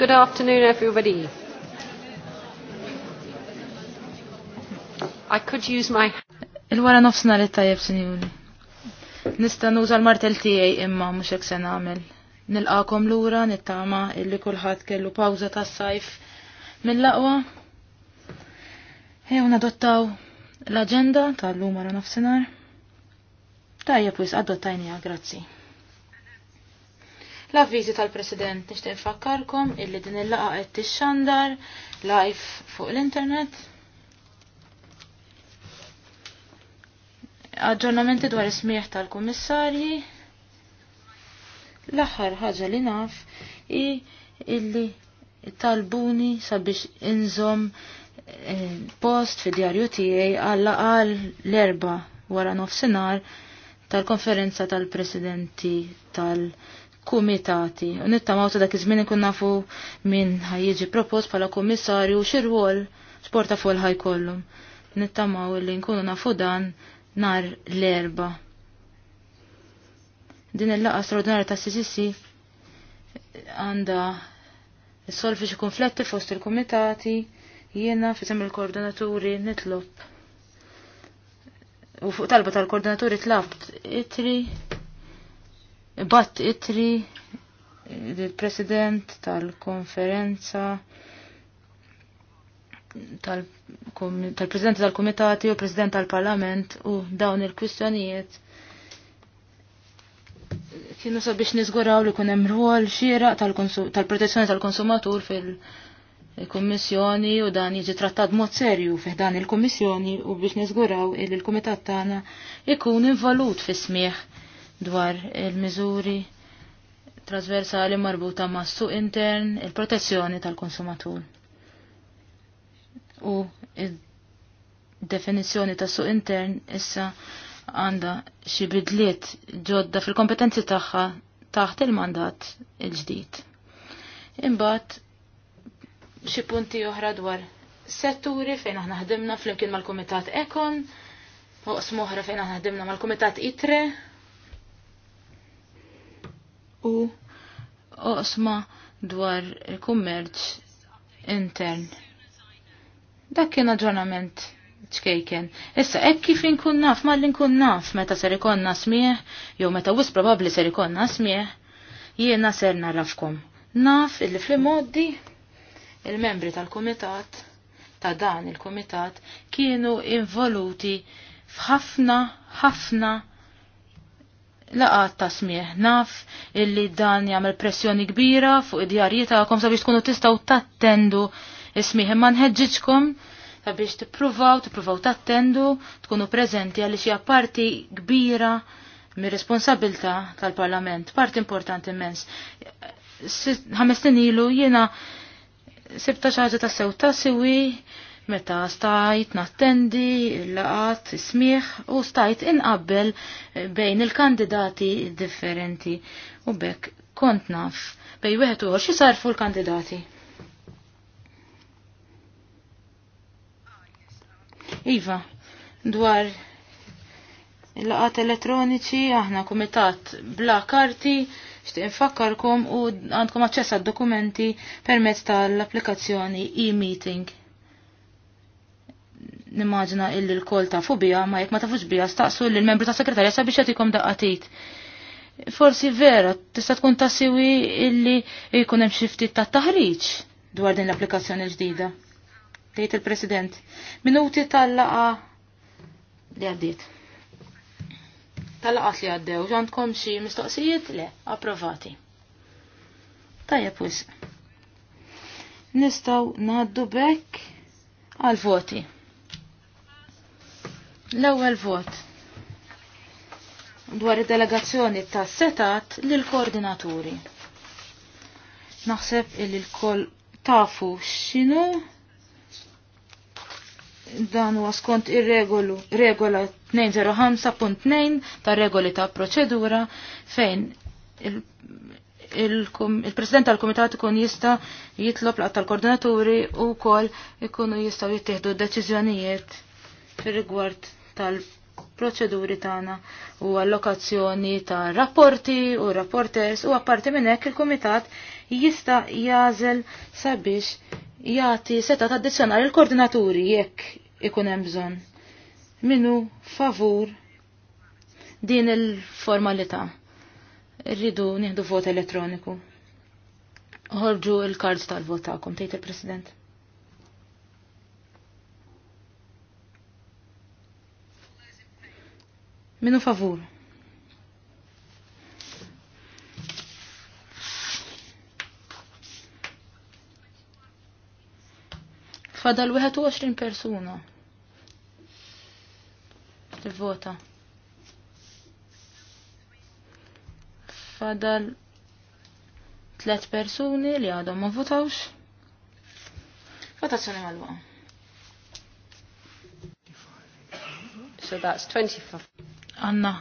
Good afternoon, everybody. I could use my... Il-wara nofsna li tajjeb sinjuri. Nista nuża l-martel tiegħi imma mhux hekk se nagħmel. Nilqakom lura nittama illi kulħadd kellu pawża tas-sajf mill-laqwa. Ew nadottaw l agenda tal-lum wara nofsinhar. Tajjeb wis adottajnija, grazzi l-avviżi tal-President nixtieq infakkarkom illi din il-laqa qed tixxandar live fuq l-internet. Aġġornamenti dwar ismiħ tal-kummissarji. L-aħħar ħaġa li naf i illi talbuni sabiex inżom eh, post fi djarju tiegħi għalla għal l-erba wara nofsinhar tal-konferenza tal-presidenti tal kumitati. U nittamaw ta' dak iż-żmien ikun nafu min ħajjiġi propost bħala kummissarju xi rwol x'porta fuq il ħajkollhom. Nittamaw li nkunu nafu dan nar l-erba. Din il-laqa straordinarja ta' CCC għanda solfi xi konfletti fost il-kumitati jiena fisem il-koordinaturi nitlob. U fuq talba tal-koordinaturi tlabt itri Bat Itri, il-president tal-konferenza tal-president tal konferenza tal president tal komitati u president tal-parlament u dawn il-kwistjonijiet kienu sabiex nizguraw li kunem rwol xira tal-protezzjoni tal-konsumatur fil-kommissjoni u dan jiġi trattat mod serju fih dan il-kommissjoni u biex nizguraw il komitat tagħna ikun involut fis smieħ dwar il-miżuri trasversali marbuta ma' suq intern, il-protezzjoni tal-konsumatur. U il-definizjoni ta' suq intern issa għanda xi bidliet ġodda fil-kompetenzi tagħha taħt il-mandat il-ġdid. Imbagħad xi punti oħra dwar setturi fejn aħna ħdimna flimkien mal-Kumitat Ekon, u oqsmoħra fejn aħna ħdimna mal-Kumitat ITRE, u oqsma dwar il-kummerċ intern. Dak kien aġġornament ċkejken. Issa, ek kif inkun naf, ma l-inkun naf, meta ser ikonna nasmieh, jew meta wis probabli ser ikonna smieħ, jiena ser narrafkom. Naf illi fl-moddi il-membri tal-komitat, ta' dan il-komitat, kienu involuti f'ħafna, ħafna laqat ta' smieħ naf illi dan jagħmel pressjoni kbira fuq id-djarji tagħkom sabiex tkunu tistgħu tattendu smieħ imma nħeġġiġkom sabiex tippruvaw, tippruvaw tattendu, tkunu preżenti għaliex hija parti kbira mir-responsabilta tal-Parlament, parti importanti immens. Ħames ilu jiena sibta xi ħaġa ta' sew ta' siwi meta stajt nattendi il-laqat, smieħ u stajt inqabbel eh, bejn il-kandidati differenti u bekk kont naf bej wieħed uħor xi sarfu l-kandidati. Iva, dwar il-laqat elettroniċi aħna kumitat bla karti xtiq infakkarkom u għandkom aċċess għad dokumenti permezz tal-applikazzjoni e-meeting. Nimmaġina illi l-kol ta' fubija, ma jek ma tafux bija, staqsu l-membru ta' sekretarja sabiex jatikom daqqatit. Forsi vera, tista' tkun ta' siwi illi jkun hemm xi ftit ta' taħriġ dwar din l-applikazzjoni ġdida. Tejt il-President, minuti tal-laqa li għaddiet. Tal-laqat li għaddew, ġandkom xi mistoqsijiet? Le, approvati. Tajja wisq. Nistaw naħaddu bekk għal-voti. L-ewwel vot dwar id-delegazzjoni ta' setat lil koordinaturi. Naħseb illi l-koll tafu x'inhu dan huwa skont ir-regolu regola 205.2 ta' regoli ta' proċedura fejn il-President tal-Komitat ikun jista' jitlob laqgħa tal-koordinaturi u wkoll ikunu jistgħu jittieħdu deċiżjonijiet fir-rigward tal-proċeduri tagħna u allokazzjoni ta' rapporti u rapporters u apparti minn hekk il-kumitat jista' jażel sabiex jagħti seta addizzjonali l-koordinaturi jekk ikun hemm bżonn. minnu favur din il-formalità. rridu nieħdu vot elettroniku. Ħorġu il-kards tal-vot tagħkom, tgħid il-President. Minu favur. Fadal 21 persuna. il Tivvota. Fadal tlet persuni li għadhom ma votawx. Votazzjoni mal-waqa. So that's 25 għanna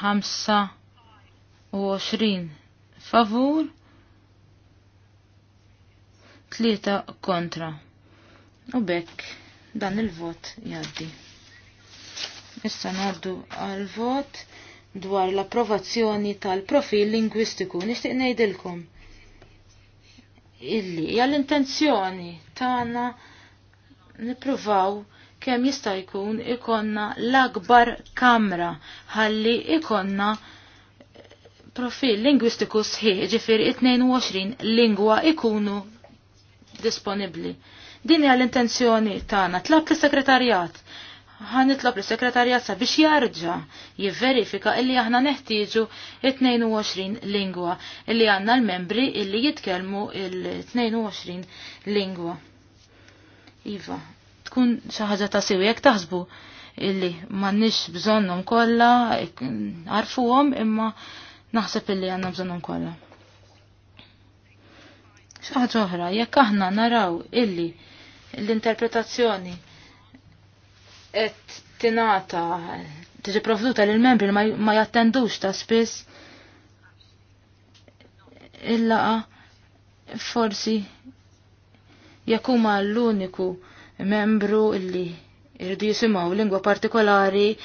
25 favur 3 kontra. U bekk dan il-vot jaddi. Issa naddu għal vot dwar l-approvazzjoni tal-profil lingwistiku. Nixtieq ngħidilkom illi hija l-intenzjoni tagħna nippruvaw kemm jista' jkun ikonna l-akbar kamra ħalli ikonna profil lingwistiku sħiħ ġifir 22 lingwa ikunu disponibli. Din hija l-intenzjoni tagħna tlab lis-sekretarjat nitlob lis sekretarjat sabiex jarġa jivverifika illi aħna neħtieġu 22 lingwa illi għandna l-membri illi jitkellmu il-22 lingwa. Iva, tkun xi ħaġa ta' siw jekk taħsbu illi m'għandniex bżonnhom kollha għarfuhom imma naħseb illi għandna bżonnhom kollha. Xi ħaġa oħra, jekk aħna naraw illi l-interpretazzjoni qed tingħata tiġi provduta lil membri ma jattendux ta' spiss il-laqa forsi huma l-uniku membru illi irridu jisimaw lingwa partikolari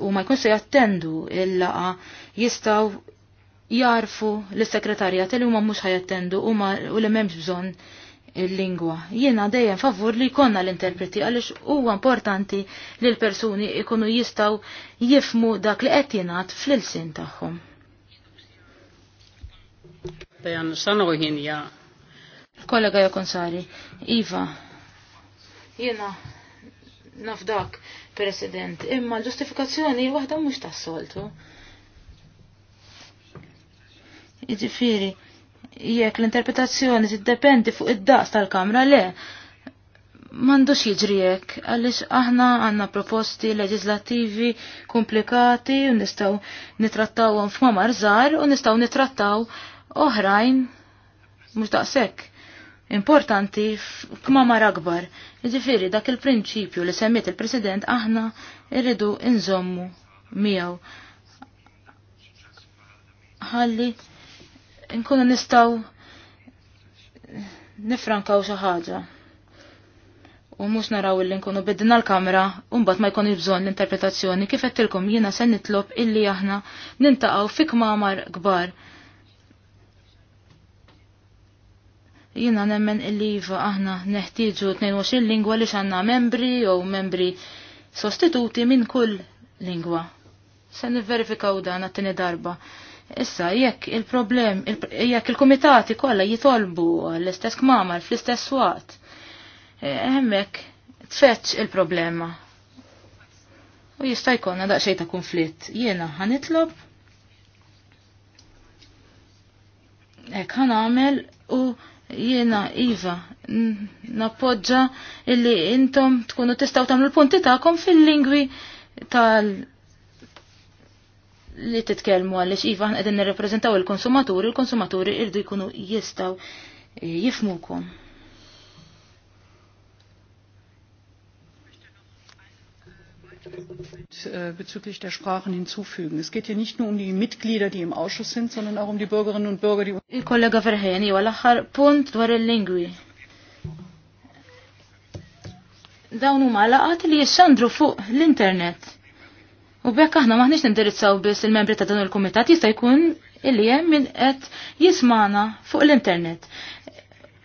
u ma jkun se jattendu il-laqa jistaw jarfu l-sekretarjat li huma mhux ħajattendu u li m'hemmx bżonn il-lingwa. Jiena dejjem favur li jkollna l-interpreti għaliex huwa importanti li l-persuni jkunu jistgħu jifmu dak li qed jingħad fl-ilsin tagħhom. Kollega Jokonsari, Iva, Jiena nafdak President, imma l-ġustifikazzjoni waħda mhux tas-soltu. Jiġifieri, jekk l-interpretazzjoni tiddependi fuq id-daqs tal-kamra le, mandux jiġri hekk għaliex aħna għandna proposti leġislattivi komplikati u nistgħu nitrattawhom f'mamar marżar u nistgħu nitrattaw oħrajn mhux daqshekk importanti mar akbar. jiġifieri dak il-prinċipju li semmiet il-President aħna irridu inżommu miegħu. Ħalli nkunu nistgħu nifrankaw xi ħaġa. U mhux naraw illi nkunu bidna l-kamra u mbagħad ma jkun bżonn l-interpretazzjoni kif qed tilkom jiena se nitlob illi aħna nintaqgħu fi kmamar kbar. Jina nemmen il-liva aħna neħtieġu 22 lingwa li xanna membri jew membri sostituti minn kull lingwa. Se nivverifikaw dan għat-tini darba. Issa, jekk il-problem, jekk il-komitati kolla jitolbu l-istess kmamar fl-istess waqt, e, hemmhekk tfetx il-problema. U jista' jkollna daqsxejn ta' konflitt. Jiena ħanitlob hekk ħanamel u Jiena Iva, nappoġġa illi intom tkunu tistaw tagħmlu l-punti tagħkom fil-lingwi tal li titkellmu għaliex Iva qegħdin nirrepreżentaw il-konsumaturi, il-konsumaturi irdu jkunu jistgħu jifmukom. Äh, bezüglich der Sprachen hinzufügen. Es geht hier nicht nur um die Mitglieder, die im Ausschuss sind, sondern auch um die Bürgerinnen und Bürger, die... Il-kollega Verheyen, jew l-aħħar punt dwar il-lingwi. Dawn huma laqat li jixxandru fuq l-internet. U bekk aħna maħniex nindirizzaw biss il-membri ta' dan il-kumitat jista' jkun illi hemm min qed jismana fuq l-internet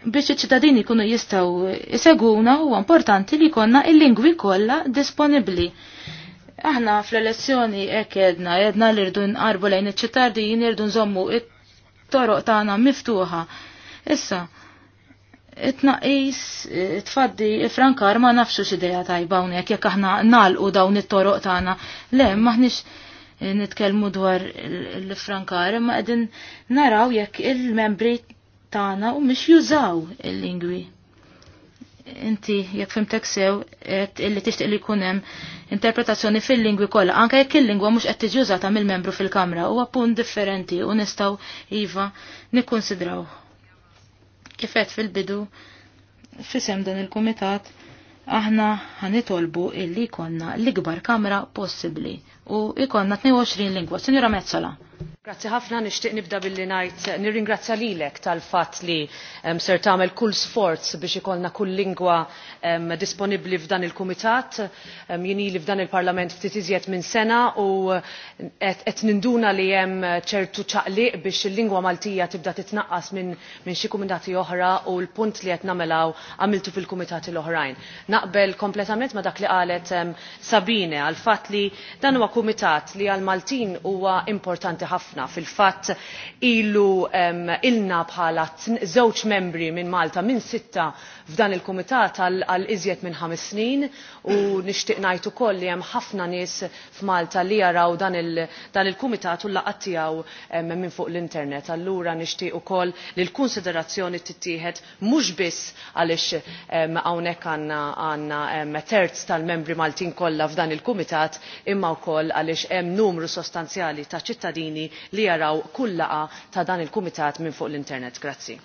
biex iċ-ċittadini kunu jistaw iseguna huwa importanti li jkollna il-lingwi kollha disponibbli Aħna fl-elezzjoni hekk jedna, l-irdu rdu nqarbu lejn iċ-ċittadini rdu nżommu it-toroq tagħna miftuħa. Issa, it-naqis, it-faddi, frankar ma nafxu xideja tajba hawnhekk jekk aħna nalqu dawn it-toroq tagħna. Le, maħniex nitkellmu dwar l-frankar, imma qegħdin naraw jekk il-membri tagħna u mhix jużaw il-lingwi inti jekk fimtek sew qed illi tixtieq li jkun hemm interpretazzjoni fil-lingwi kollha anke jekk il-lingwa mhux qed tiġi mill-membru fil-kamra huwa punt differenti u nistgħu iva nikkonsidraw. Kif fil-bidu fisem dan il-kumitat aħna ħanitolbu illi jkollna l-ikbar kamra possibbli u jkollna 22 lingwa. Sinjura Mezzola. Grazzi ħafna nixtieq nibda billi ngħid nirringrazzja lilek tal-fatt li um, ser tagħmel kull sforz biex ikollna kull lingwa um, disponibbli f'dan il-kumitat. Um, Jien li f'dan il-Parlament ftit iżjed minn sena u qed ninduna li hemm ċertu ċaqliq biex il-lingwa Maltija tibda titnaqqas minn min xi kumitati oħra u l-punt li qed namelaw għamiltu fil-kumitati l-oħrajn. Naqbel kompletament ma dak li qalet um, Sabine għal fatt li dan huwa kumitat li għal Maltin huwa importanti ħafna ħafna fil-fatt ilu um, ilna bħala żewġ membri minn Malta minn sitta f'dan il-kumitat għal iżjed minn ħames snin u nixtieq ngħid ukoll li hemm ħafna nies f'Malta li jaraw dan il-kumitat il u laqgħad tiegħu um, minn fuq l-internet. Allura nixtieq ukoll li l-konsiderazzjoni tittieħed mhux biss għaliex hawnhekk um, għandna għandna terz tal-membri Maltin kollha f'dan il-kumitat imma wkoll għaliex hemm numru sostanzjali ta' ċittadini li jaraw kull laqa ta' dan il-kumitat minn fuq l-internet. Grazzi.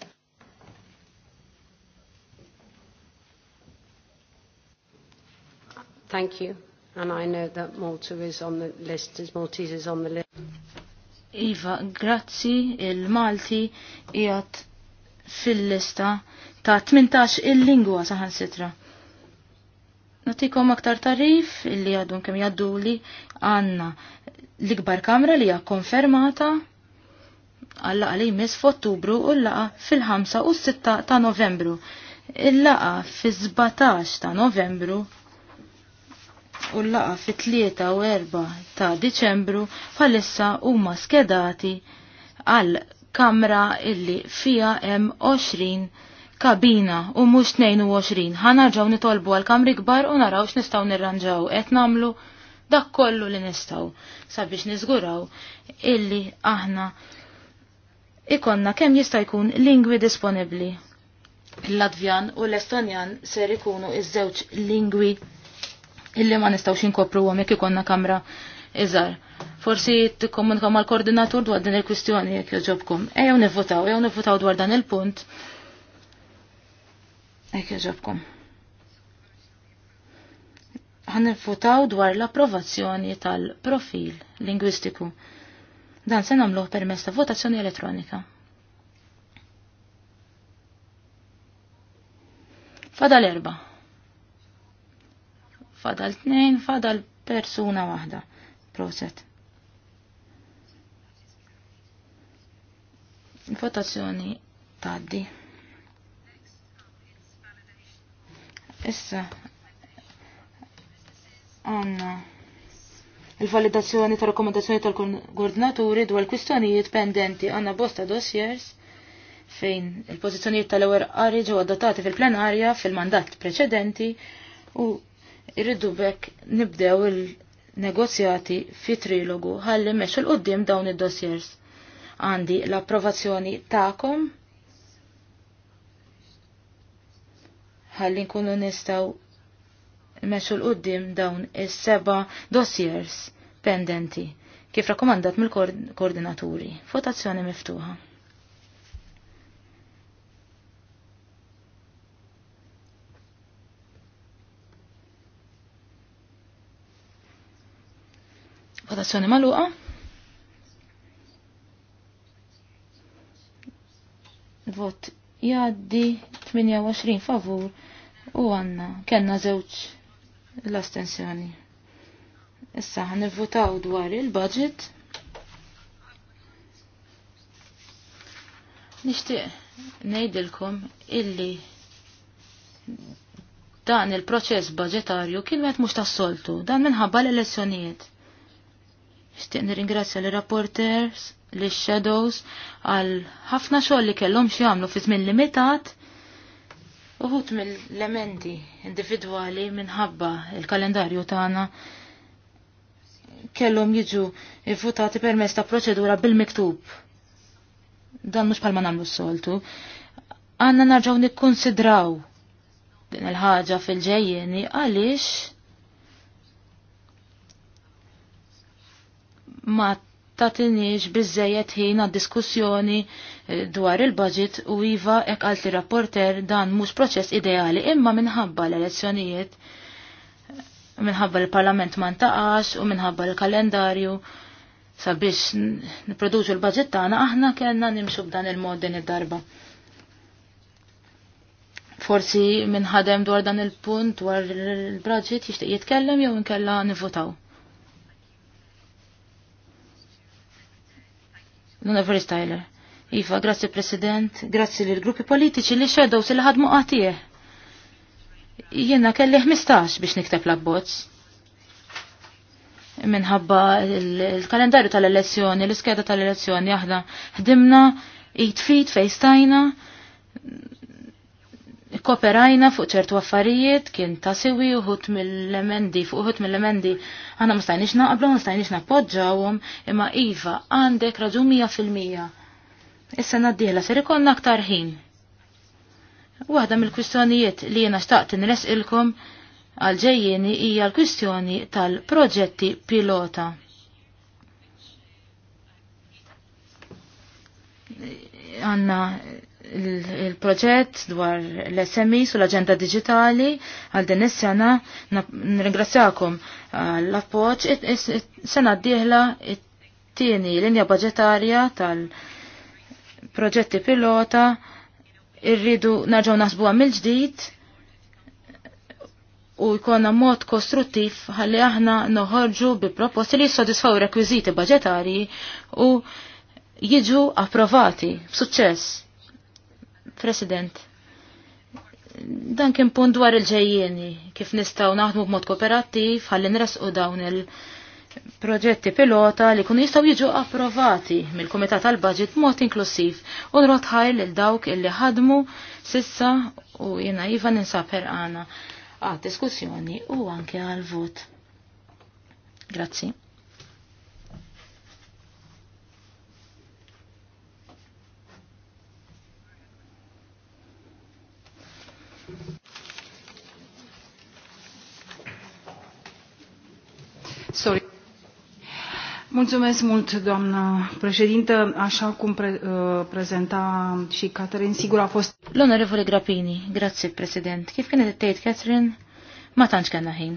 Thank you. And I know that Malta is on the list, as Maltese is on the list. Iva, grazzi, il-Malti jgħat fil-lista ta' 18 il-lingwa saħan sitra. Natikom aktar tarif il-li għadun kem li għanna l-ikbar kamra li hija konfermata għalla għalej mis f'Ottubru u l-laqa fil-5 u 6 ta' Novembru. Il-laqa fil-17 ta' Novembru u l-laqa fil-3 u 4 ta' Diċembru Fallissa huma skedati għal kamra illi fija hemm 20 kabina u mhux 22. Ħanarġaw nitolbu għal kamri kbar u naraw x'nistgħu nirranġaw qed nagħmlu dak kollu li nistaw sabiex niżguraw illi aħna ikonna kemm jista' jkun lingwi disponibbli. Il-Latvjan u l-Estonjan ser ikunu iż-żewġ lingwi illi ma nistawx inkopru għom jekk ikonna kamra iżar. Forsi tikkomunika mal-koordinatur dwar din il-kwistjoni jekk joġobkom. Ejjew nivvotaw, ejaw nivvotaw dwar dan il-punt. Jekk joġobkom ħanifutaw dwar l-approvazzjoni tal-profil lingwistiku. Dan se nagħmluh permezz ta' votazzjoni elettronika. Fadal erba. Fadal tnejn, fadal persuna waħda. Proset. Votazzjoni taddi. Issa, għanna il-validazzjoni ta' rakkomandazzjoni tal-koordinaturi dwar kwistjonijiet pendenti għanna bosta dossiers fejn il-pozizjonijiet tal-ewwel qari ġew adottati fil-plenarja fil-mandat preċedenti u irridu bekk nibdew il-negozjati fi trilogu ħalli mex il qoddim dawn id-dossiers. Għandi l-approvazzjoni ta'kom ħalli nkunu nistaw meċu l-qoddim dawn is-seba dossiers pendenti kif rakkomandat mill-koordinaturi. Votazzjoni miftuħa. Votazzjoni maluqa. Vot jaddi 28 favur u għanna. kena zewċ l-astensjoni. Issa votaw dwar il-budget. Nixtieq ngħidilkom illi dan il-proċess budgetarju kienet mhux tas-soltu, dan minħabba l-elezzjonijiet. Nixtieq nirringrazzja l-rapporters, l-shadows, għal ħafna xogħol li kellhom xi għamlu fi żmien limitat Uħut mill-elementi individwali minħabba il-kalendarju tagħna kellhom jiġu votati permezz ta' proċedura bil-miktub. Dan mhux bħalma nagħmlu s-soltu. Għanna narġaw nikkonsidraw din il-ħaġa fil-ġejjeni għaliex ma tatinix bizzejet ħina diskussjoni eh, dwar il-budget u iva ek għalti rapporter dan mux proċess ideali imma minħabba l-elezzjonijiet minħabba l-parlament taqax u minħabba l-kalendarju sabiex niproduċu l-budget tagħna aħna kellna nimxu b'dan il-mod din id-darba. Forsi minħadem dwar dan il-punt dwar il-budget jixtieq jitkellem jew nkella nivvotaw. l Styler. Iva, grazzi President, grazzi l gruppi politiċi li xedow l ħadmu għatijeh. Jena kelli 15 biex nikteb l-abbozz. Minħabba il-kalendarju tal-elezzjoni, l-iskeda tal-elezzjoni, aħna ħdimna, jitfit, fejstajna, Koperajna fuq ċertu affarijiet kien ta' siwi uħut mill-emendi, fuq uħut mill-emendi, għana ma naqblu, ma stajniex nappoġġawhom, imma Iva, għandek raġu mija fil-mija. Issa naddiħla ser ikonna aktar ħin. Waħda mill-kwistjonijiet li jena xtaqt nres ilkom għalġejjeni hija l-kwistjoni tal-proġetti pilota. Għanna il-proġett dwar l-SMI e u l-Aġenda Digitali għal din is-sena nringrazzjakom uh, l-appoġġ sena nirringrazzjakom l appoġġ sena it-tieni linja budġetarja tal-proġetti pilota irridu narġgħu naħsbuha mill-ġdid u jkollna mod kostruttiv ħalli aħna noħorġu bi proposti li jissodisfaw rekwiżiti budġetarji u jiġu approvati b'suċċess President, dan kien punt dwar il-ġejjeni, kif nistaw naħdmu b'mod kooperattiv, ħalli nresqu dawn il-proġetti pilota li kun jistaw jiġu approvati mill-Kumitat tal-Budget b'mod inklusiv u nrotħaj lil dawk illi ħadmu sissa u jena iva per għana għad diskussjoni u anke għal vot. Grazzi. Sorry. Mulțumesc mult, doamnă președintă. Așa cum pre, uh, prezenta și Catherine, sigur a fost... Lonorevole Grappini, Grapini, grazie, president. Kif kienet tgħid Catherine, ma tantx kellna ħin.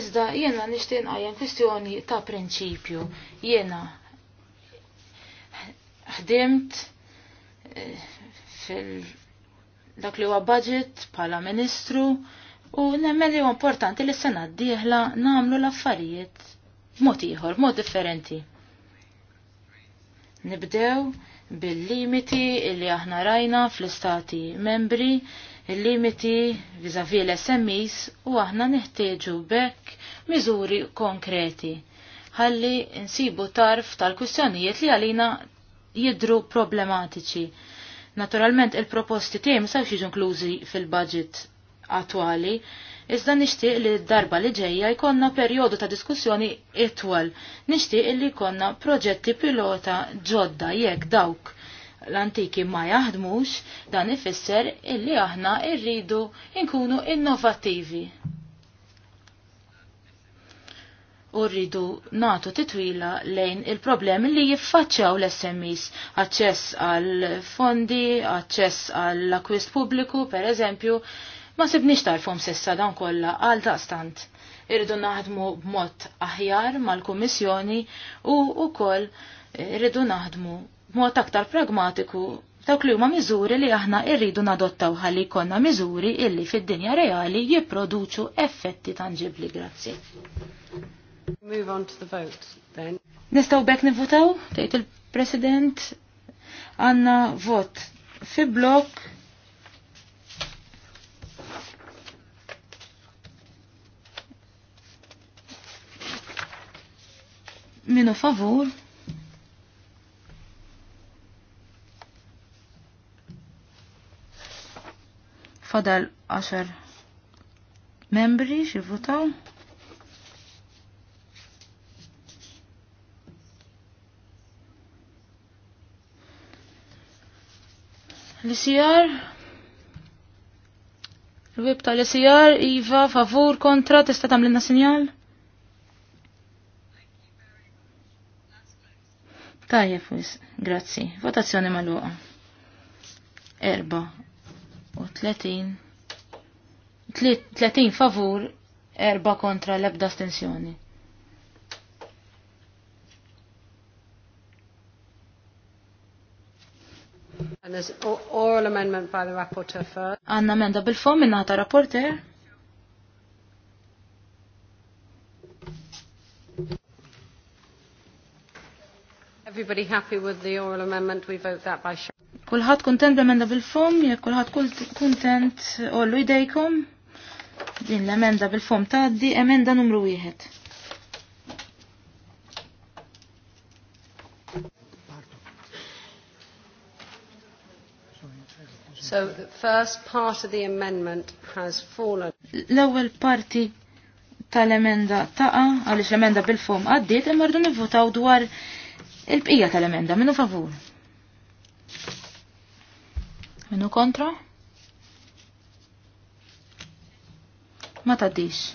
Iżda jiena nixtieq nqajjem kwistjoni ta' prinċipju. Iena. ħdimt eh, fil dak li huwa budget bħala ministru U nemmen li importanti li sena d-dieħla namlu l-affarijiet mod ieħor, mod differenti. Nibdew bil-limiti li aħna rajna fl-istati membri, il-limiti vizavi l-SMIs u aħna neħtieġu bekk miżuri konkreti. Ħalli nsibu tarf tal-kwistjonijiet li għalina jidru problematiċi. Naturalment il-proposti tiegħi ma sawx jiġu inklużi fil-budget attwali, iżda nixtieq li d-darba li ġejja jkollna perjodu ta' diskussjoni itwal. Nixtieq li jkollna proġetti pilota ġodda jekk dawk l-antiki ma jaħdmux, dan ifisser illi aħna irridu nkunu innovattivi. U rridu natu titwila lejn il-problemi li jiffaċċjaw l-SMEs, aċċess għal fondi, aċċess għall akwist pubbliku, per eżempju, Ma sibniex tarfhom sissa dan kollha għal daqstant. Irridu naħdmu b'mod aħjar mal-Kummissjoni u wkoll irridu naħdmu b'mod aktar pragmatiku dawk li huma miżuri li aħna rridu nadottaw ħalli jkollna miżuri illi fid-dinja reali jipproduċu effetti tangibli. Grazzi. Move on to the vote then. Nistgħu bekk nivotaw tgħid il-President. Għandna vot fi blok Minu favur. Fadal 10 membri xivutaw. L-ICR l-web tal-ICR Iva favur kontra tista' tagħmlilna sinjal? Tajja fwis, grazzi. Votazzjoni maluqa. Erba u tletin. Tletin favur, erba kontra lebda stensjoni. And there's oral amendment by the rapporteur first. Anna menda bil-fom rapporteur. Everybody happy with the oral amendment, we vote that by show. Kulħat kontent b'emenda bil-fom, jek kulħat kontent ollu idejkom. Din l-emenda bil-fom di emenda numru wieħed. So the first part of the amendment has fallen. L-ewwel parti tal-emenda taqa, għaliex l-emenda bil-fom għaddiet, imma rridu nivvotaw dwar Il-bqija tal-emenda, minnu favur. Minnu kontra? Ma taddix.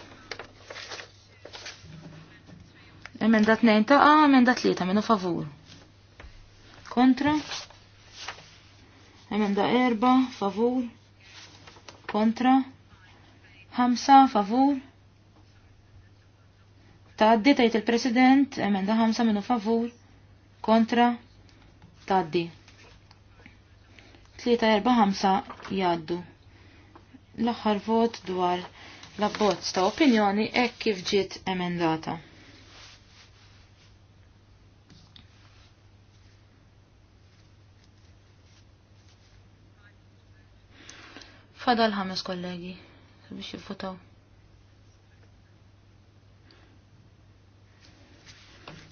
Emenda 2 ta' A, emenda 3, minnu favur. Kontra? Emenda 4, favur. Kontra? 5, favur. Taddi tajt il-president, emenda 5 minnu favur kontra taddi. 3-4-5 jaddu. L-aħħar vot dwar l-abbozz ta' opinjoni hekk kif ġiet emendata. Fadal ħames kollegi biex jivvotaw.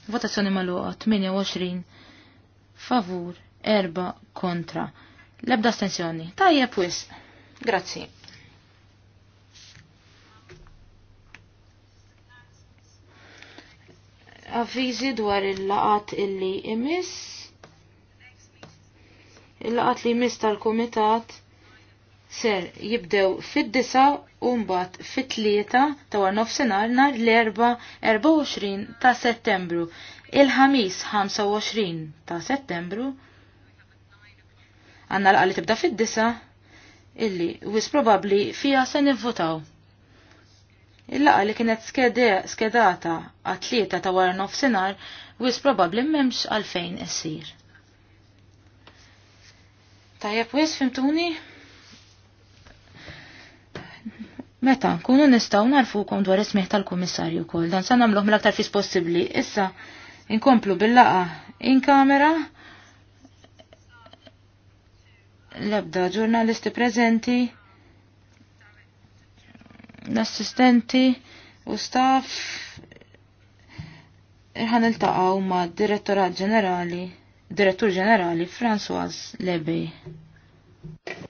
Votazzjoni maluqa 28 favur, 4 kontra. Lebda astensjoni. Tajjeb wis. Grazzi. Avvizi dwar il-laqat illi imis. Il-laqat li imis tal-komitat ser jibdew fit disa u mbagħad fit-tlieta ta' war nofsinhar nhar l 4 24 ta' Settembru, il-ħamis 25 ta' Settembru. Għandna l li tibda fid-disa illi wis probabbli fiha se nivvotaw. Il-laqa li kienet skedata għat-tlieta ta' wara nofsinhar wis probabbli m'hemmx għalfejn issir. Tajjeb wis fimtuni? Meta nkunu nistgħu narfukom dwar ismiħ tal-Kummissarju kol. dan sa namluħ mill-aktar fis possibbli. Issa inkomplu bil-laqa in kamera l-ebda ġurnalisti prezenti, l-assistenti u staff il taqaw ma' direttorat ġenerali, direttur ġenerali François Lebej.